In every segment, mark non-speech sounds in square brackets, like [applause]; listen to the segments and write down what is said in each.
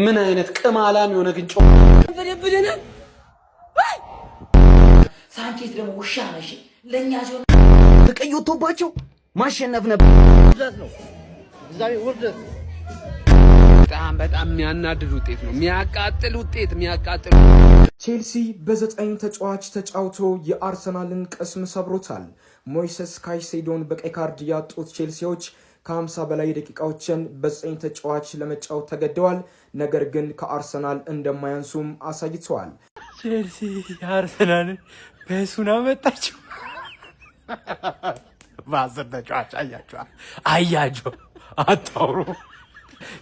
ምን አይነት ቅማላም የሆነ ግንጮ ሳንቼዝ ደግሞ ውሻ ነሽ። ለእኛ ሲሆን ቀይ ወጥቶባቸው ማሸነፍ ነበር። በጣም በጣም የሚያናድድ ውጤት ነው። የሚያቃጥል ውጤት የሚያቃጥል ቼልሲ በዘጠኝ ተጫዋች ተጫውቶ የአርሰናልን ቅስም ሰብሮታል። ሞይሰስ ካይሴዶን በቀይ ካርድ ያጡት ቼልሲዎች ከ50 በላይ ደቂቃዎችን በዘጠኝ ተጫዋች ለመጫወት ተገደዋል። ነገር ግን ከአርሰናል እንደማያንሱም አሳይተዋል። ቼልሲ አርሰናል በሱን አመጣችው። በአስር ተጫዋች አያቸዋል አያጆ አታውሩ።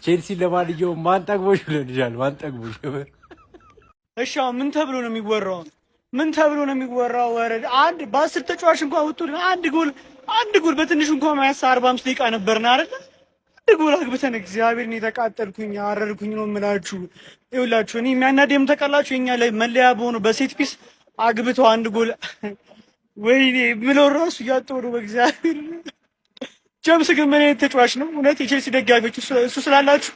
ቼልሲ ለማንኛውም ማን ጠግቦሽ ይለንሻል? ማን ጠግቦሽ? እሺ ምን ተብሎ ነው የሚወራው? ምን ተብሎ ነው የሚወራው? ወረድ አንድ በአስር ተጫዋች እንኳን ውጡ አንድ ጎል አንድ ጎል በትንሹ እንኳን ማያሳ አርባ አምስት ደቂቃ ነበርና አይደለ ደግሞ ላግብተን እግዚአብሔርን የተቃጠልኩኝ አረርኩኝ ነው የምላችሁ። ይኸውላችሁ እኔ የሚያናደም ተቃላችሁ የኛ ላይ መለያ በሆኑ በሴት ፒስ አግብተው አንድ ጎል [laughs] ወይኔ የምለው ራሱ እያጠሩ በእግዚአብሔር ጀምስ ግን ምን አይነት ተጫዋች ነው እውነት! የቼልሲ ደጋፊዎች እሱ ስላላችሁ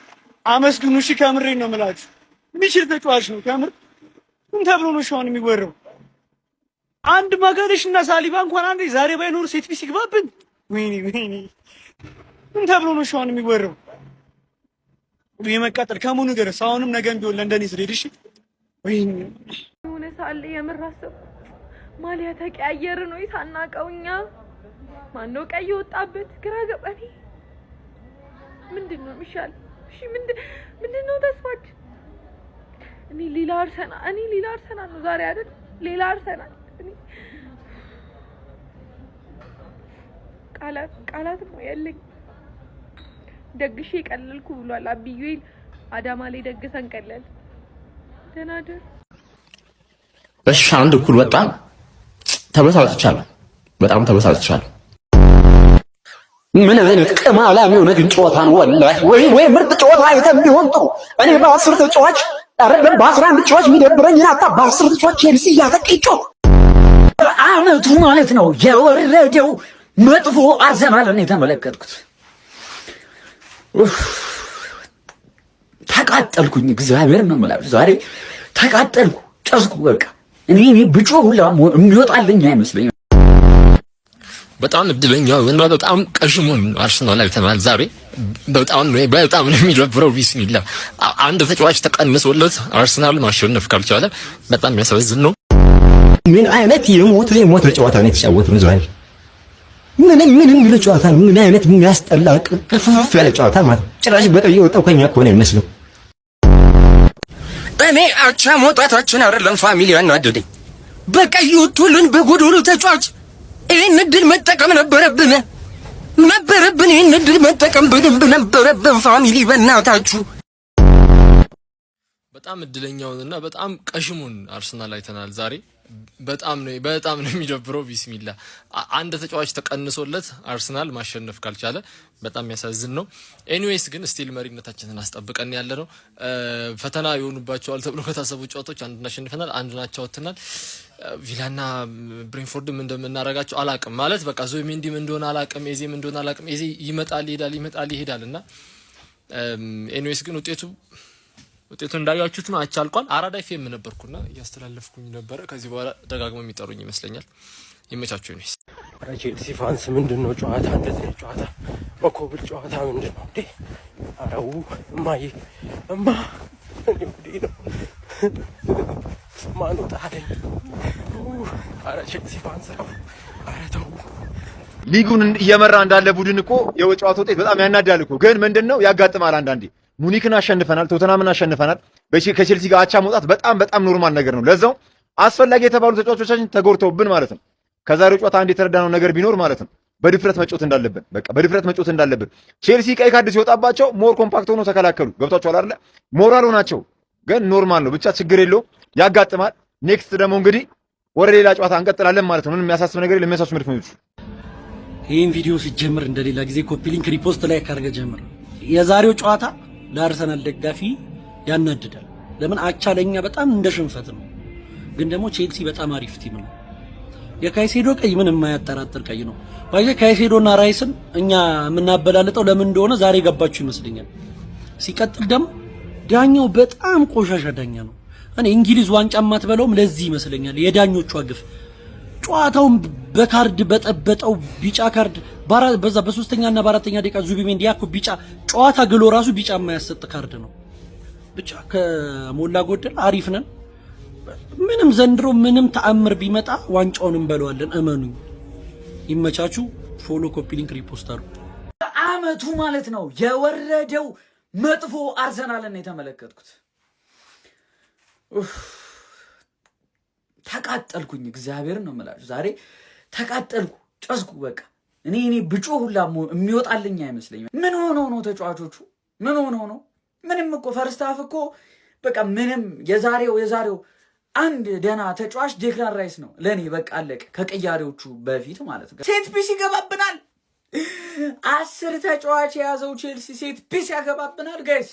አመስግኑ። እሺ ከምሬ ነው የምላችሁ የሚችል ተጫዋች ነው ከምር። ምን ተብሎ ነው ሻውን የሚወረው? አንድ ማጋለሽ እና ሳሊባ እንኳን አንዴ ዛሬ ባይኖር ሴት ፒስ ይግባብን። ወይኔ ወይኔ ምን ተብሎ ነው አሁን የሚወራው? መቃጠል ከሙኑ ነገር አሁንም ነገም ቢሆን ለንደን ስሬድ እሺ ወይ ሆነ ሳለ የምር አሰብኩ። ማሊያ ተቀያየርን ነው ሳናቀው እኛ ማነው ቀይ ወጣበት? ግራ ገባኝ። ምንድን ነው የሚሻል? እሺ ምንድን ምንድን ነው ተስፋችን? እኔ ሌላ አርሰና እኔ ሌላ አርሰና ነው ዛሬ አይደል? ሌላ አርሰና እኔ ቃላት ቃላት ነው ያለኝ ደግሼ ቀለልኩ ብሏል አብዩል። አዳማ ላይ ደግሰን ቀለል። ተናደር ደር በሽሻ አንድ እኩል በጣም ተበሳጭቻለሁ። በጣም ተበሳጭቻለሁ። ምን አይነት ቅማላም የሆነ ግን ጨዋታ ነው ወላሂ። ወይ ወይ ምርጥ ጨዋታ አይተም ቢሆን ጥሩ። እኔ በአስር ተጫዋች አረብ በአስራ አንድ ተጫዋች የሚደብረኝ አጣ። በአስር ተጫዋች ቼልሲ ያጠቅጮ አመቱ ማለት ነው የወረደው መጥፎ አርሰናልን የተመለከትኩት ተቃጠልኩኝ። እግዚአብሔር ነው የምላችሁ ዛሬ ተቃጠልኩ፣ ጨስኩ። በቃ እኔ እኔ ብጮ ሁላ የሚወጣልኝ አይመስለኝም። በጣም እድለኛ ወን በጣም ቀሽሞን አርሰናል አይተናል ዛሬ። በጣም ነው በጣም ነው የሚደብረው። ቢስሚላ አንድ ተጫዋች ተቀንሶለት አርሰናል ማሸነፍ ካልቻለ በጣም የሚያሳዝን ነው። ምን አይነት የሞት የሞት ጨዋታ ነው የተጫወተው ዛሬ? ምን ምን የሚለው ጨዋታ ነው? ምን አይነት የሚያስጠላ ቅፍፍ ያለ ጨዋታ ማለት ነው። ጭራሽ በጠብ የወጣው ከኛ ከሆነ ይመስለው። እኔ አቻ መውጣታችን አይደለም ፋሚሊ ያናደደኝ፣ በቀይ ይወጡልን በጎዶሎ ተጫዋች። ይህን እድል መጠቀም ነበረብን ነበረብን። ይህን እድል መጠቀም በደንብ ነበረብን። ፋሚሊ በእናታችሁ በጣም እድለኛውንና በጣም ቀሽሙን አርሰናል አይተናል ዛሬ። በጣም ነው በጣም ነው የሚደብረው። ቢስሚላ አንድ ተጫዋች ተቀንሶለት አርሰናል ማሸነፍ ካልቻለ በጣም የሚያሳዝን ነው። ኤኒዌይስ ግን ስቲል መሪነታችንን አስጠብቀን ያለ ነው። ፈተና የሆኑባቸዋል ተብሎ ከታሰቡ ጨዋታዎች አንዱን እናሸንፈናል፣ አንዱን አቻ ወጥተናል። ቪላና ብሬንፎርድም እንደምናረጋቸው አላቅም ማለት በቃ ዙቢሜንዲም እንደሆነ አላቅም፣ ኤዜም እንደሆነ አላቅም። ኤዜ ይመጣል ይሄዳል፣ ይመጣል ይሄዳል እና ኤኒዌይስ ግን ውጤቱ ውጤቱ እንዳያችሁት ነው። አቻልቋል። አልቋል። አራዳ ፌም ነበርኩና እያስተላለፍኩኝ ነበረ። ከዚህ በኋላ ደጋግሞ የሚጠሩኝ ይመስለኛል። ይመቻችሁ። ዩኒስ ቼልሲ ፋንስ ምንድን ነው ጨዋታ እንደዚህ ጨዋታ በኮብል ጨዋታ ምንድን ነው እንዴ? አረው እማዬ እማ እንዴ ነው ማኑ ጣለኝ። አረ ቼልሲ ፋንስ ነው። አረ ተው። ሊጉን እየመራ እንዳለ ቡድን እኮ የጨዋታ ውጤት በጣም ያናዳል እኮ ግን ምንድን ነው ያጋጥማል አንዳንዴ ሙኒክን አሸንፈናል፣ ቶተናምን አሸንፈናል። ከቼልሲ ጋር አቻ መውጣት በጣም በጣም ኖርማል ነገር ነው። ለዛው አስፈላጊ የተባሉ ተጫዋቾቻችን ተጎድተውብን ማለት ነው። ከዛሬው ጨዋታ አንድ የተረዳነው ነገር ቢኖር ማለት ነው በድፍረት መጮት እንዳለብን በቃ በድፍረት መጮት እንዳለብን። ቼልሲ ቀይ ካርድ ሲወጣባቸው ሞር ኮምፓክት ሆኖ ተከላከሉ። ገብቷቸዋል አይደለ? ሞራል ሆናቸው ግን ኖርማል ነው ብቻ ችግር የለው ያጋጥማል። ኔክስት ደግሞ እንግዲህ ወደ ሌላ ጨዋታ እንቀጥላለን ማለት ነው። ምንም የሚያሳስብ ነገር የለም። የሚያሳስብ ነው። ይህን ቪዲዮ ሲጀምር እንደሌላ ጊዜ ኮፒ ሊንክ ሪፖስት ላይ ካርገ ጀምር የዛሬው ጨዋታ ለአርሰናል ደጋፊ ያናድዳል። ለምን አቻ ለኛ በጣም እንደ ሽንፈት ነው። ግን ደግሞ ቼልሲ በጣም አሪፍ ቲም ነው። የካይሴዶ ቀይ ምን የማያጠራጥር ቀይ ነው። ባይዘ ካይሴዶና ራይስን እኛ የምናበላልጠው ለምን እንደሆነ ዛሬ ገባችሁ ይመስለኛል። ሲቀጥል ደግሞ ዳኛው በጣም ቆሻሻ ዳኛ ነው። እኔ እንግሊዝ ዋንጫ ማትበለውም ለዚህ ይመስለኛል የዳኞቹ ግፍ ጨዋታውን በካርድ በጠበጠው ቢጫ ካርድ በዛ እና በአራተኛ ደቂቃ ዙቢሜንዲ ያኮ ቢጫ ጨዋታ ግሎ ራሱ ቢጫ የማያሰጥ ካርድ ነው። ብቻ ከሞላ ጎደል አሪፍ ነን። ምንም ዘንድሮ ምንም ተአምር ቢመጣ ዋንጫውን እንበለዋለን። እመኑኝ። ይመቻቹ። ፎሎ፣ ኮፒ ሊንክ፣ ሪፖስተሩ በአመቱ ማለት ነው የወረደው መጥፎ አርሰናልን የተመለከትኩት ተቃጠልኩኝ። እግዚአብሔርን ነው የምላችሁ ዛሬ ተቃጠልኩ፣ ጨስኩ። በቃ እኔ እኔ ብጮ ሁላ የሚወጣልኝ አይመስለኝም። ምን ሆነ ነው ተጫዋቾቹ? ምን ሆነ ነው? ምንም እኮ ፈርስታፍ እኮ በቃ ምንም የዛሬው የዛሬው አንድ ደህና ተጫዋች ዴክላን ራይስ ነው ለእኔ። በቃ አለቀ። ከቅያሬዎቹ በፊት ማለት ነው። ሴት ፒስ ይገባብናል። አስር ተጫዋች የያዘው ቼልሲ ሴት ፒስ ያገባብናል ጋይስ።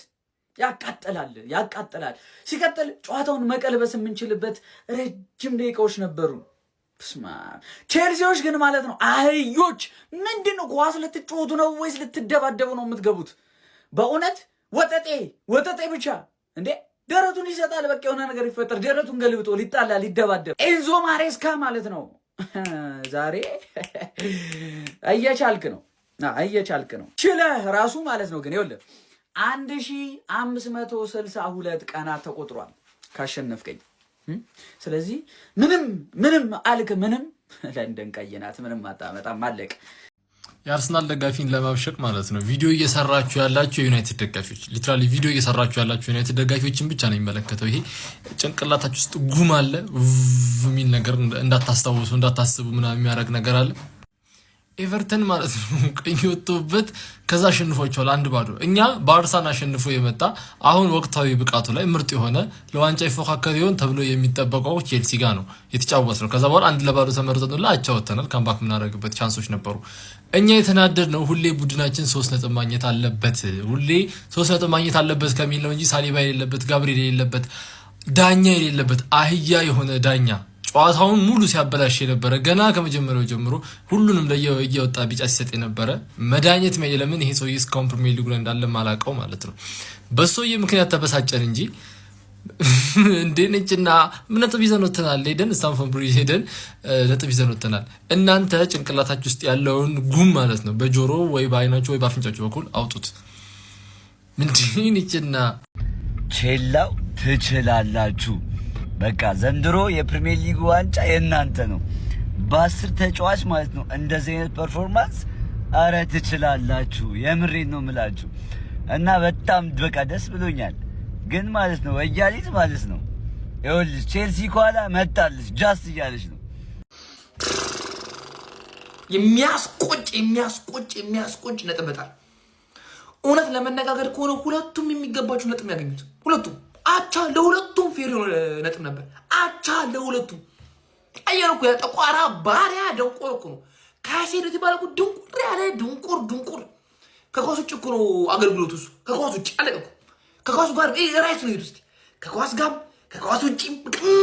ያቃጥላል ያቃጥላል። ሲቀጥል ጨዋታውን መቀልበስ የምንችልበት ረጅም ደቂቃዎች ነበሩ። ስማ ቼልሲዎች ግን ማለት ነው አህዮች፣ ምንድን ነው ኳስ ልትጫወቱ ነው ወይስ ልትደባደቡ ነው የምትገቡት? በእውነት ወጠጤ ወጠጤ ብቻ እንዴ! ደረቱን ይሰጣል። በቃ የሆነ ነገር ይፈጠር፣ ደረቱን ገልብጦ ሊጣላ ሊደባደብ። ኤንዞ ማሬስካ ማለት ነው [laughs] ዛሬ እየቻልክ [laughs] ነው እየቻልክ ነው ችለህ ራሱ ማለት ነው ግን ይኸውልህ አንድ ሺ አምስት መቶ ስልሳ ሁለት ቀናት ተቆጥሯል ካሸነፍከኝ። ስለዚህ ምንም ምንም አልክ ምንም [laughs] ለንደን ቀይናት ምንም አታመጣም አለቅ። የአርሰናል ደጋፊን ለማብሸቅ ማለት ነው። ቪዲዮ እየሰራችሁ ያላችሁ የዩናይትድ ደጋፊዎች፣ ሊትራሊ ቪዲዮ እየሰራችሁ ያላችሁ ዩናይትድ ደጋፊዎችን ብቻ ነው የሚመለከተው። ይሄ ጭንቅላታችሁ ውስጥ ጉም አለ የሚል ነገር እንዳታስታውሱ እንዳታስቡ ምናምን የሚያደርግ ነገር አለ። ኤቨርተን ማለት ነው [laughs] ቀኝ ወጥቶበት ከዛ አሸንፏቸዋል አንድ ባዶ። እኛ ባርሳን አሸንፎ የመጣ አሁን ወቅታዊ ብቃቱ ላይ ምርጥ የሆነ ለዋንጫ ይፎካከር ይሆን ተብሎ የሚጠበቀው ቼልሲ ጋ ነው የተጫወት ነው። ከዛ በኋላ አንድ ለባዶ ተመርጠንላ አቻወተናል። ካምባክ የምናደርግበት ቻንሶች ነበሩ። እኛ የተናደድ ነው ሁሌ ቡድናችን ሶስት ነጥብ ማግኘት አለበት ሁሌ ሶስት ነጥብ ማግኘት አለበት ከሚል ነው እንጂ ሳሊባ የሌለበት ጋብሪኤል የሌለበት ዳኛ የሌለበት አህያ የሆነ ዳኛ ጨዋታውን ሙሉ ሲያበላሽ የነበረ ገና ከመጀመሪያው ጀምሮ ሁሉንም ለየወጣ ቢጫ ሲሰጥ የነበረ መድኃኒት መ ለምን ይሄ ሰውዬ እስካሁን ፕሪሚየር ሊጉ ላይ እንዳለ ማላቀው ማለት ነው። በሰውዬ ምክንያት ተበሳጨን እንጂ [laughs] እንዴ ነጭና ነጥብ ይዘን ወተናል። ሄደን ስታንፎርድ ብሪጅ ሄደን ነጥብ ይዘን ወተናል። እናንተ ጭንቅላታችሁ ውስጥ ያለውን ጉም ማለት ነው በጆሮ ወይ በአይናችሁ ወይ በአፍንጫችሁ በኩል አውጡት። እንዲህ ነጭና ቼላው ትችላላችሁ በቃ ዘንድሮ የፕሪሚየር ሊግ ዋንጫ የእናንተ ነው። በአስር ተጫዋች ማለት ነው እንደዚህ አይነት ፐርፎርማንስ። አረ ትችላላችሁ። የምሬን ነው ምላችሁ እና በጣም በቃ ደስ ብሎኛል። ግን ማለት ነው ወያሊት ማለት ነው ይኸውልሽ፣ ቼልሲ ከኋላ መጣለች ጃስት እያለች ነው የሚያስቆጭ የሚያስቆጭ የሚያስቆጭ ነጥብ በጣል እውነት ለመነጋገር ከሆነ ሁለቱም የሚገባችሁ ነጥብ ያገኙት ሁለቱም አቻ ለሁለቱም ፌር የሆነ ነጥብ ነበር። አቻ ለሁለቱም ቀየር እኮ ጠቋራ ባሪያ ደንቆር እኮ ነው። ካሴዶ የተባለ እኮ ድንቁር ያለ ድንቁር ድንቁር ከኳስ ውጭ እኮ ነው አገልግሎት ሱ ከኳስ ውጭ አለቀ እኮ ከኳሱ ጋር ራይት ነው ሄዱስ ከኳስ ጋር ከኳስ ውጭ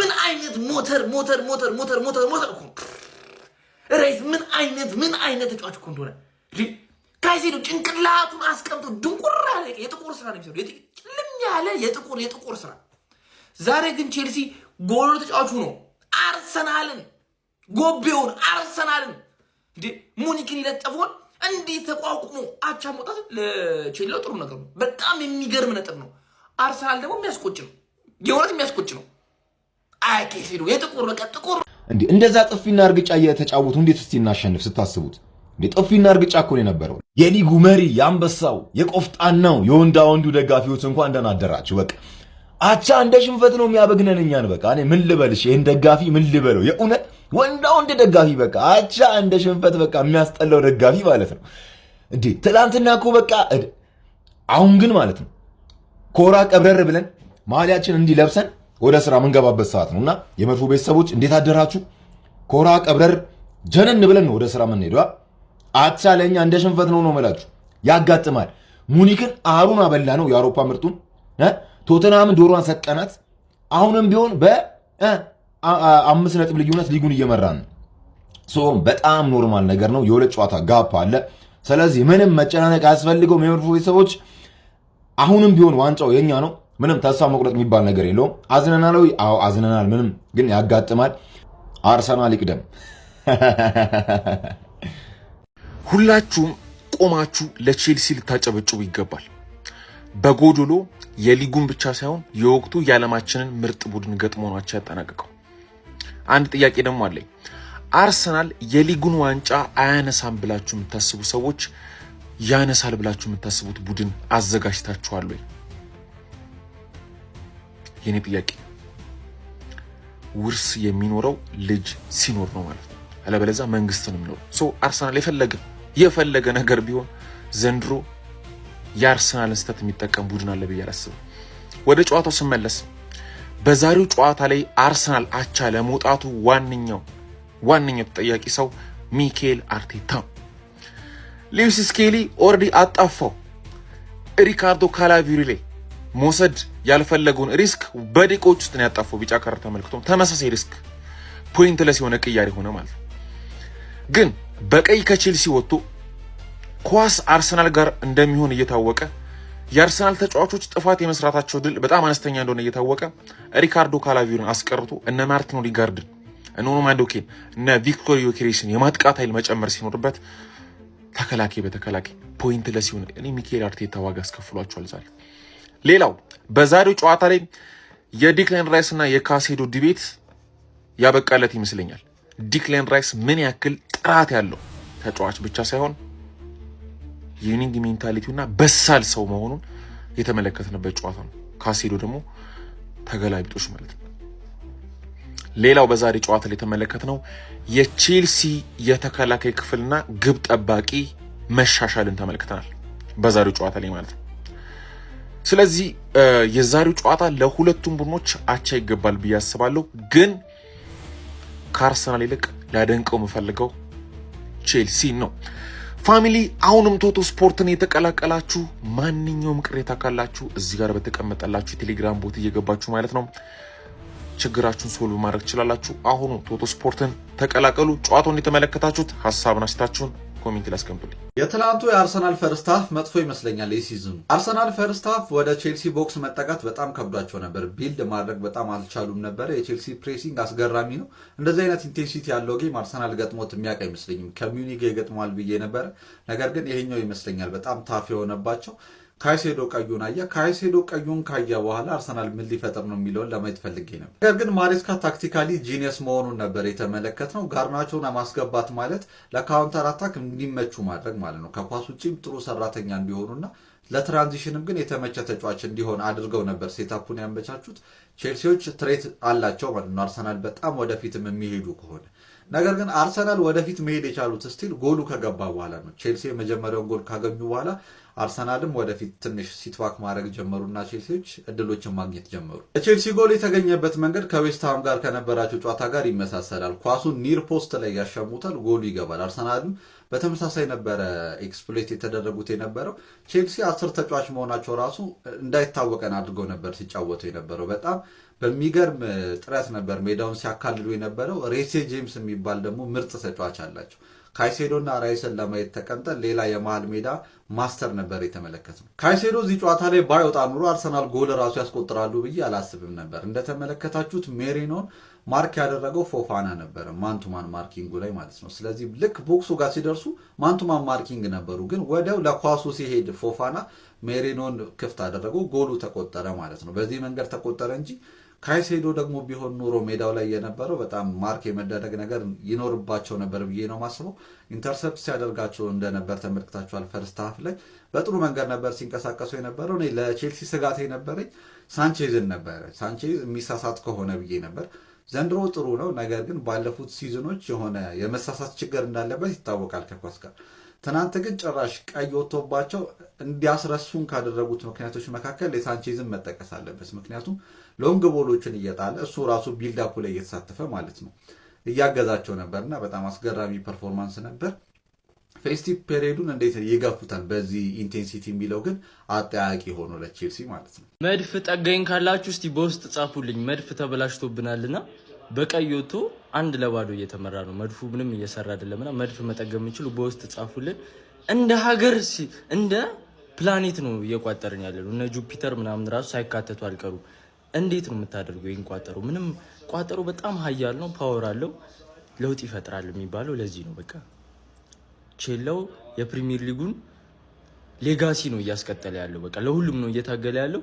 ምን አይነት ሞተር ሞተር ሞተር ሞተር ሞተር ሞተር እኮ ራይት ምን አይነት ምን አይነት ተጫዋች እኮ እንደሆነ ካሴዶ ጭንቅላቱን አስቀምጦ ድንቁር ያለ የጥቁር ስራ ነው የሚሰሩ ያለ የጥቁር የጥቁር ስራ። ዛሬ ግን ቼልሲ ጎሎ ተጫዋቹ ነው። አርሰናልን ጎቤውን አርሰናልን እንዴ ሙኒክን ይለጠፈውን እንዴት ተቋቁሞ አቻ መውጣት ለቼልሲ ጥሩ ነገር ነው። በጣም የሚገርም ነጥብ ነው። አርሰናል ደግሞ የሚያስቆጭ ነው። የእውነት የሚያስቆጭ ነው። አያኬ ሄዱ የጥቁር በቃ ጥቁር እንዴ እንደዛ ጥፊና እርግጫ እየተጫወቱ እንዴት እስቲ እናሸንፍ ስታስቡት ጥፊና እርግጫ እኮ ነው የነበረው። የሊጉ መሪ የአንበሳው የቆፍጣናው የወንዳ ወንዱ ደጋፊዎች እንኳን ደህና አደራችሁ። በቃ አቻ እንደ ሽንፈት ነው የሚያበግነን እኛን። በቃ እኔ ምን ልበልሽ ይህን ደጋፊ ምን ልበለው? የእውነት ወንዳ ወንድ ደጋፊ በቃ አቻ እንደ ሽንፈት በቃ የሚያስጠላው ደጋፊ ማለት ነው እንዴ! ትላንትና እኮ በቃ አሁን ግን ማለት ነው ኮራ ቀብረር ብለን ማሊያችን እንዲለብሰን ወደ ስራ የምንገባበት ሰዓት ነው እና የመድፎ ቤተሰቦች እንዴት አደራችሁ? ኮራ ቀብረር ጀነን ብለን ነው ወደ ስራ የምንሄደዋ አትቻለኝ እንደ ሽንፈት ነው ነው መላችሁ ያጋጥማል። ሙኒክን አሩን አበላ ነው የአውሮፓ ምርጡን። ቶተናምን ዶሯን ሰጠናት። አሁንም ቢሆን በአምስት ነጥብ ልዩነት ሊጉን እየመራ ነው። በጣም ኖርማል ነገር ነው። የሁለት ጨዋታ ጋፕ አለ። ስለዚህ ምንም መጨናነቅ አያስፈልገውም። የመርፎ ቤተሰቦች አሁንም ቢሆን ዋንጫው የኛ ነው። ምንም ተስፋ መቁረጥ የሚባል ነገር የለውም። አዝነናል። አዎ አዝነናል። ምንም ግን ያጋጥማል። አርሰናል ይቅደም። [laughs] ሁላችሁም ቆማችሁ ለቼልሲ ልታጨበጭቡ ይገባል። በጎዶሎ የሊጉን ብቻ ሳይሆን የወቅቱ የዓለማችንን ምርጥ ቡድን ገጥሞ ናቸው ያጠናቀቀው። አንድ ጥያቄ ደግሞ አለኝ። አርሰናል የሊጉን ዋንጫ አያነሳም ብላችሁ የምታስቡ ሰዎች ያነሳል ብላችሁ የምታስቡት ቡድን አዘጋጅታችኋል ወይ? የኔ ጥያቄ ውርስ የሚኖረው ልጅ ሲኖር ነው ማለት ነው። አለበለዚያ መንግስት ነው የሚኖረው። አርሰናል የፈለግን የፈለገ ነገር ቢሆን ዘንድሮ የአርሰናልን ስህተት የሚጠቀም ቡድን አለ ብዬ አላስብም። ወደ ጨዋታው ስመለስ በዛሬው ጨዋታ ላይ አርሰናል አቻ ለመውጣቱ ዋነኛው ዋነኛው ተጠያቂ ሰው ሚኬል አርቴታ ሊዩስ ስኬሊ ኦልሬዲ አጣፋው። ሪካርዶ ካላቪሪ ላይ መውሰድ ያልፈለገውን ሪስክ በደቂቃዎች ውስጥ ነው ያጣፋው። ቢጫ ካርድ ተመልክቶም ተመሳሳይ ሪስክ ለስ የሆነ ቅያሬ ሆነ ማለት ነው። ግን በቀይ ከቼልሲ ወጥቶ ኳስ አርሰናል ጋር እንደሚሆን እየታወቀ የአርሰናል ተጫዋቾች ጥፋት የመስራታቸው ድል በጣም አነስተኛ እንደሆነ እየታወቀ ሪካርዶ ካላቪዮን አስቀርቶ እነ ማርቲን ኦዴጋርድን እነ ኑኖማንዶኬን እነ ቪክቶር ዮኬሬስን የማጥቃት ኃይል መጨመር ሲኖርበት ተከላካይ በተከላካይ ፖይንት ለሲሆን እኔ ሚካኤል አርቴታ ዋጋ አስከፍሏቸዋል ዛሬ። ሌላው በዛሬው ጨዋታ ላይ የዲክላን ራይስ እና የካሴዶ ዲቤት ያበቃለት ይመስለኛል። ዲክሌን ራይስ ምን ያክል ጥራት ያለው ተጫዋች ብቻ ሳይሆን ሜንታሊቲው እና በሳል ሰው መሆኑን የተመለከትንበት ጨዋታ ነው። ካሴዶ ደግሞ ተገላቢጦች ማለት ነው። ሌላው በዛሬ ጨዋታ ላይ የተመለከትነው የቼልሲ የተከላካይ ክፍልና ግብ ጠባቂ መሻሻልን ተመልክተናል፣ በዛሬው ጨዋታ ላይ ማለት ነው። ስለዚህ የዛሬው ጨዋታ ለሁለቱም ቡድኖች አቻ ይገባል ብዬ አስባለሁ ግን ከአርሰናል ይልቅ ላደንቀው የምፈልገው ቼልሲን ነው። ፋሚሊ አሁንም ቶቶ ስፖርትን የተቀላቀላችሁ ማንኛውም ቅሬታ ካላችሁ እዚህ ጋር በተቀመጠላችሁ የቴሌግራም ቦት እየገባችሁ ማለት ነው ችግራችሁን ሶልቭ ማድረግ ትችላላችሁ። አሁኑ ቶቶ ስፖርትን ተቀላቀሉ። ጨዋታውን የተመለከታችሁት ሀሳብን አስታችሁን ኮሜንት ላስቀምጡልኝ። የትላንቱ የአርሰናል ፈርስት ሀፍ መጥፎ ይመስለኛል። የሲዝኑ አርሰናል ፈርስት ሀፍ ወደ ቼልሲ ቦክስ መጠጋት በጣም ከብዷቸው ነበር። ቢልድ ማድረግ በጣም አልቻሉም ነበር። የቼልሲ ፕሬሲንግ አስገራሚ ነው። እንደዚህ አይነት ኢንቴንሲቲ ያለው ጌም አርሰናል ገጥሞት የሚያውቅ አይመስለኝም። ከሚኒክ ገጥመዋል ብዬ ነበረ፣ ነገር ግን ይሄኛው ይመስለኛል በጣም ታፍ የሆነባቸው ካይሴዶ ቀዩን አየ። ካይሴዶ ቀዩን ካየ በኋላ አርሰናል ምን ሊፈጥር ነው የሚለውን ለማየት ፈልጌ ነበር። ነገር ግን ማሬስካ ታክቲካሊ ጂኒየስ መሆኑን ነበር የተመለከት ነው። ጋርናቸውን ለማስገባት ማለት ለካውንተር አታክ እንዲመቹ ማድረግ ማለት ነው። ከኳስ ውጭም ጥሩ ሰራተኛ እንዲሆኑና ለትራንዚሽንም ግን የተመቸ ተጫዋች እንዲሆን አድርገው ነበር ሴታፑን ያመቻቹት። ቼልሲዎች ትሬት አላቸው ማለት ነው። አርሰናል በጣም ወደፊትም የሚሄዱ ከሆነ ነገር ግን አርሰናል ወደፊት መሄድ የቻሉት ስቲል ጎሉ ከገባ በኋላ ነው። ቼልሲ የመጀመሪያውን ጎል ካገኙ በኋላ አርሰናልም ወደፊት ትንሽ ሲትባክ ማድረግ ጀመሩና ቼልሲዎች እድሎችን ማግኘት ጀመሩ። ቼልሲ ጎል የተገኘበት መንገድ ከዌስትሃም ጋር ከነበራቸው ጨዋታ ጋር ይመሳሰላል። ኳሱን ኒር ፖስት ላይ ያሸሙታል ጎሉ ይገባል። አርሰናልም በተመሳሳይ ነበረ ኤክስፕሎይት የተደረጉት የነበረው። ቼልሲ አስር ተጫዋች መሆናቸው ራሱ እንዳይታወቀን አድርገው ነበር ሲጫወቱ የነበረው በጣም በሚገርም ጥረት ነበር ሜዳውን ሲያካልሉ የነበረው። ሬሴ ጄምስ የሚባል ደግሞ ምርጥ ተጫዋች አላቸው። ካይሴዶና ራይሰን ለማየት ተቀምጠን ሌላ የመሃል ሜዳ ማስተር ነበር የተመለከት ነው። ካይሴዶ እዚህ ጨዋታ ላይ ባይወጣ ኑሮ አርሰናል ጎል ራሱ ያስቆጥራሉ ብዬ አላስብም ነበር። እንደተመለከታችሁት ሜሪኖን ማርክ ያደረገው ፎፋና ነበረ፣ ማንቱማን ማርኪንጉ ላይ ማለት ነው። ስለዚህ ልክ ቦክሱ ጋር ሲደርሱ ማንቱማን ማርኪንግ ነበሩ፣ ግን ወደው ለኳሱ ሲሄድ ፎፋና ሜሪኖን ክፍት አደረገው፣ ጎሉ ተቆጠረ ማለት ነው። በዚህ መንገድ ተቆጠረ እንጂ ካይሴዶ ደግሞ ቢሆን ኑሮ ሜዳው ላይ የነበረው በጣም ማርክ የመደረግ ነገር ይኖርባቸው ነበር ብዬ ነው ማስበው። ኢንተርሰፕት ሲያደርጋቸው እንደነበር ተመልክታችኋል። ፈርስት ሀፍ ላይ በጥሩ መንገድ ነበር ሲንቀሳቀሱ የነበረው። እኔ ለቼልሲ ስጋት የነበረኝ ሳንቼዝን ነበረ። ሳንቼዝ የሚሳሳት ከሆነ ብዬ ነበር። ዘንድሮ ጥሩ ነው፣ ነገር ግን ባለፉት ሲዝኖች የሆነ የመሳሳት ችግር እንዳለበት ይታወቃል ከኳስ ጋር ትናንት ግን ጭራሽ ቀይ ወጥቶባቸው እንዲያስረሱን ካደረጉት ምክንያቶች መካከል የሳንቼዝን መጠቀስ አለበት። ምክንያቱም ሎንግ ቦሎችን እየጣለ እሱ ራሱ ቢልዳፑ ላይ እየተሳተፈ ማለት ነው እያገዛቸው ነበር እና በጣም አስገራሚ ፐርፎርማንስ ነበር። ፌስቲቭ ፔሪዱን እንዴት ይገፉታል በዚህ ኢንቴንሲቲ የሚለው ግን አጠያቂ ሆኖ ለቼልሲ ማለት ነው። መድፍ ጠጋኝ ካላችሁ እስቲ በውስጥ ጻፉልኝ። መድፍ ተበላሽቶብናልና በቀዮቱ አንድ ለባዶ እየተመራ ነው። መድፉ ምንም እየሰራ አይደለም። እና መድፍ መጠገም የሚችሉ በውስጥ ጻፉልን። እንደ ሀገር እንደ ፕላኔት ነው እየቋጠርን ያለ ነው። እነ ጁፒተር ምናምን ራሱ ሳይካተቱ አልቀሩ። እንዴት ነው የምታደርገው? ይህን ቋጠሮ ምንም ቋጠሩ በጣም ሀያል ነው፣ ፓወር አለው፣ ለውጥ ይፈጥራል የሚባለው ለዚህ ነው። በቃ ቼላው የፕሪሚየር ሊጉን ሌጋሲ ነው እያስቀጠለ ያለው። በቃ ለሁሉም ነው እየታገለ ያለው።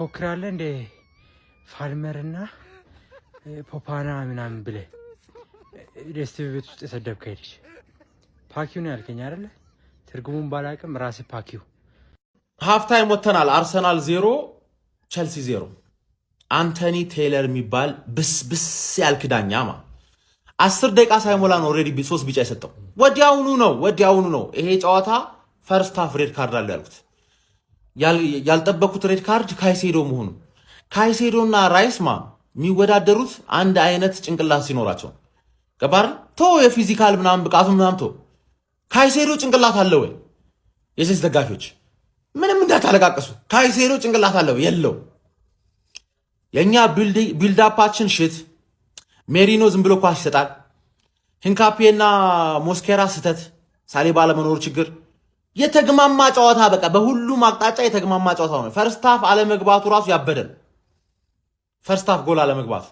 ትፎክራለህ እንደ ፋልመርና ፖፓና ምናምን ብለ ደስቲቪ ቤት ውስጥ የሰደብከኝ ልጅ ፓኪው ነው ያልከኝ አይደለ? ትርጉሙን ባላቅም ራስ ፓኪው። ሀፍታይም ወተናል። አርሰናል ዜሮ ቸልሲ ዜሮ። አንቶኒ ቴይለር የሚባል ብስ ያልክ ዳኛ ማ አስር ደቂቃ ሳይሞላ ነው ኦልሬዲ ሶስት ቢጫ የሰጠው ወዲያውኑ ነው ወዲያውኑ ነው። ይሄ ጨዋታ ፈርስት ሀፍ ሬድ ካርድ አለው ያልኩት ያልጠበኩት ሬድ ካርድ ካይሴዶ መሆኑ። ካይሴዶና ራይስማ የሚወዳደሩት አንድ አይነት ጭንቅላት ሲኖራቸው ገባር ቶ የፊዚካል ምናምን ብቃቱ ምናምን ቶ ካይሴዶ ጭንቅላት አለ ወይ? የሴስ ደጋፊዎች ምንም እንዳታለቃቀሱ። ካይሴዶ ጭንቅላት አለ የለው። የእኛ ቢልዳፓችን ሽት ሜሪኖ ዝም ብሎ ኳስ ይሰጣል። ሂንካፔና ሞስኬራ ስህተት፣ ሳሌባ ለመኖሩ ችግር የተግማማ ጨዋታ በቃ በሁሉም አቅጣጫ የተግማማ ጨዋታ ሆነ። ፈርስታፍ አለመግባቱ ራሱ ያበደ ነው። ፈርስታፍ ጎል አለመግባቱ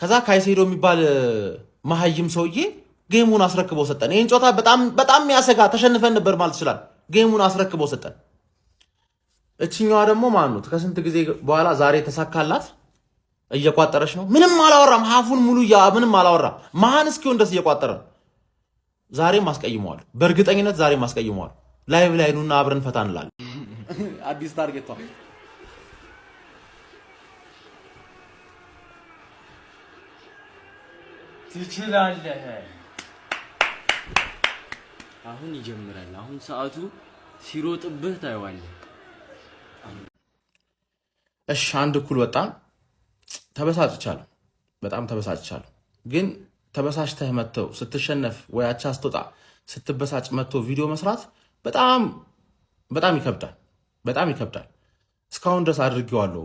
ከዛ ካይሴዶ የሚባል መሀይም ሰውዬ ጌሙን አስረክበው ሰጠን። ይህን ጨዋታ በጣም ያሰጋ ተሸንፈን ነበር ማለት ይችላል። ጌሙን አስረክቦ ሰጠን። እችኛዋ ደግሞ ማኑት ከስንት ጊዜ በኋላ ዛሬ ተሳካላት። እየቋጠረች ነው። ምንም አላወራም። ሀፉን ሙሉ ምንም አላወራም። መሀን እስኪሆን ድረስ እየቋጠረ ነው። ዛሬም አስቀይመዋል። በእርግጠኝነት ዛሬም አስቀይመዋል። ላይቭ ላይ ኑና አብረን ፈታ እንላለን። [laughs] አዲስ ታርጌቷ ትችላለህ። አሁን ይጀምራል። አሁን ሰዓቱ ሲሮጥብህ ታይዋለህ። እሺ አንድ እኩል በጣም ተበሳጭቻለሁ። በጣም ተበሳጭቻለሁ። ግን ተበሳጭተህ መጥተው ስትሸነፍ ወይ አቻ ስትወጣ ስትበሳጭ መተው ቪዲዮ መስራት በጣም በጣም ይከብዳል፣ በጣም ይከብዳል። እስካሁን ድረስ አድርጌዋለሁ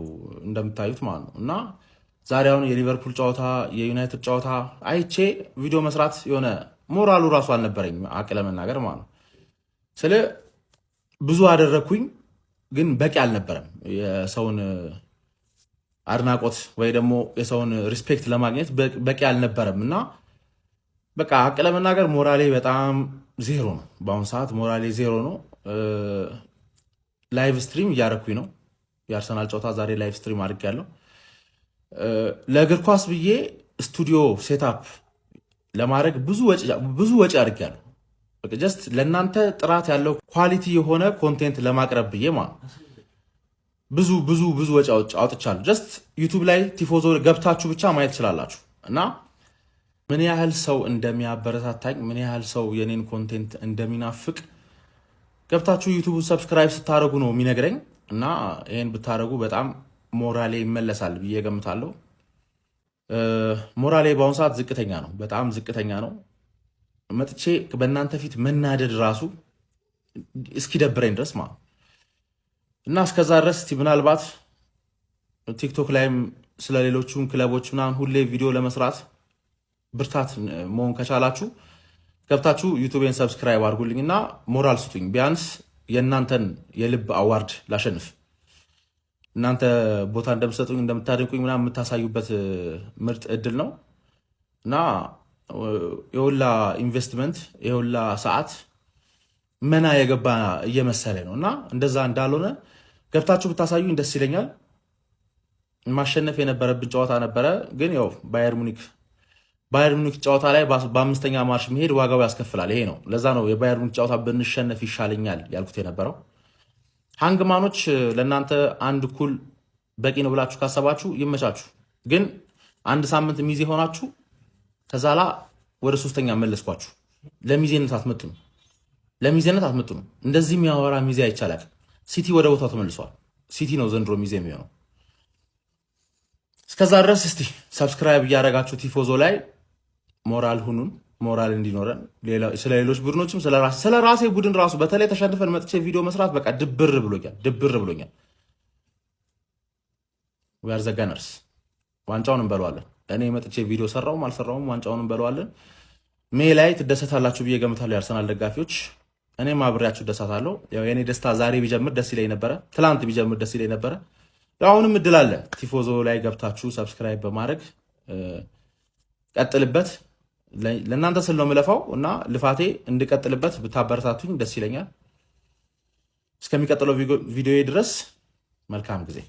እንደምታዩት ማለት ነው። እና ዛሬ አሁን የሊቨርፑል ጨዋታ የዩናይትድ ጨዋታ አይቼ ቪዲዮ መስራት የሆነ ሞራሉ ራሱ አልነበረኝ አቅ ለመናገር ማለት ነው። ስለ ብዙ አደረግኩኝ፣ ግን በቂ አልነበረም። የሰውን አድናቆት ወይ ደግሞ የሰውን ሪስፔክት ለማግኘት በቂ አልነበረም እና በቃ ሀቅ ለመናገር ሞራሌ በጣም ዜሮ ነው። በአሁኑ ሰዓት ሞራሌ ዜሮ ነው። ላይቭ ስትሪም እያረኩኝ ነው። የአርሰናል ጨዋታ ዛሬ ላይቭ ስትሪም ያለው ለእግር ኳስ ብዬ ስቱዲዮ ሴታፕ ለማድረግ ብዙ ወጪ ያለው ጀስት ለእናንተ ጥራት ያለው ኳሊቲ የሆነ ኮንቴንት ለማቅረብ ብዬ ማ ብዙ ብዙ ብዙ ወጪ አውጥቻለሁ። ጀስት ዩቱብ ላይ ቲፎዞ ገብታችሁ ብቻ ማየት ትችላላችሁ እና ምን ያህል ሰው እንደሚያበረታታኝ ምን ያህል ሰው የኔን ኮንቴንት እንደሚናፍቅ ገብታችሁ ዩቱብ ሰብስክራይብ ስታደረጉ ነው የሚነግረኝ እና ይህን ብታደረጉ በጣም ሞራሌ ይመለሳል ብዬ ገምታለሁ። ሞራሌ በአሁኑ ሰዓት ዝቅተኛ ነው፣ በጣም ዝቅተኛ ነው። መጥቼ በእናንተ ፊት መናደድ ራሱ እስኪደብረኝ ድረስ ማ እና እስከዛ ድረስ ምናልባት ቲክቶክ ላይም ስለሌሎቹም ክለቦች ምናምን ሁሌ ቪዲዮ ለመስራት ብርታት መሆን ከቻላችሁ ገብታችሁ ዩቱቤን ሰብስክራይብ እና ሞራል ስጡኝ። ቢያንስ የእናንተን የልብ አዋርድ ላሸንፍ እናንተ ቦታ እንደምትሰጡኝ እንደምታደንቁኝ ምናምን የምታሳዩበት ምርጥ እድል ነው እና የሁላ ኢንቨስትመንት የሁላ ሰዓት መና የገባ እየመሰለ ነው እና እንደዛ እንዳልሆነ ገብታችሁ ብታሳዩኝ ደስ ይለኛል። ማሸነፍ የነበረብን ጨዋታ ነበረ፣ ግን ያው ባየር ሙኒክ ባየር ሙኒክ ጨዋታ ላይ በአምስተኛ ማርሽ መሄድ ዋጋው ያስከፍላል። ይሄ ነው። ለዛ ነው የባየር ሙኒክ ጨዋታ ብንሸነፍ ይሻለኛል ያልኩት የነበረው። ሃንግማኖች ለእናንተ አንድ ኩል በቂ ነው ብላችሁ ካሰባችሁ ይመቻችሁ። ግን አንድ ሳምንት ሚዜ ሆናችሁ ከዛላ ወደ ሶስተኛ መለስኳችሁ። ለሚዜነት አትመጥኑ፣ ለሚዜነት አትመጥኑ። እንደዚህ የሚያወራ ሚዜ አይቻላል። ሲቲ ወደ ቦታው ተመልሷል። ሲቲ ነው ዘንድሮ ሚዜ የሚሆነው። እስከዛ ድረስ እስቲ ሰብስክራይብ እያደረጋችሁ ቲፎዞ ላይ ሞራል ሁኑን፣ ሞራል እንዲኖረን ስለ ሌሎች ቡድኖችም ስለ ራሴ ቡድን ራሱ በተለይ ተሸንፈን መጥቼ ቪዲዮ መስራት በቃ ድብር ብሎኛል፣ ድብር ብሎኛል። ዊያር ዘጋነርስ ዋንጫውን እንበለዋለን። እኔ መጥቼ ቪዲዮ ሰራውም አልሰራውም ዋንጫውን እንበለዋለን። ሜ ላይ ትደሰታላችሁ ብዬ ገምታለሁ። የአርሰናል ደጋፊዎች እኔም አብሬያችሁ እደሳታለሁ። የኔ ደስታ ዛሬ ቢጀምር ደስ ይለኝ ነበረ፣ ትላንት ቢጀምር ደስ ይለኝ ነበረ። አሁንም እድል አለ። ቲፎዞ ላይ ገብታችሁ ሰብስክራይብ በማድረግ ቀጥልበት። ለእናንተ ስል ነው የምለፋው እና ልፋቴ እንድቀጥልበት ብታበረታቱኝ ደስ ይለኛል። እስከሚቀጥለው ቪዲዮ ድረስ መልካም ጊዜ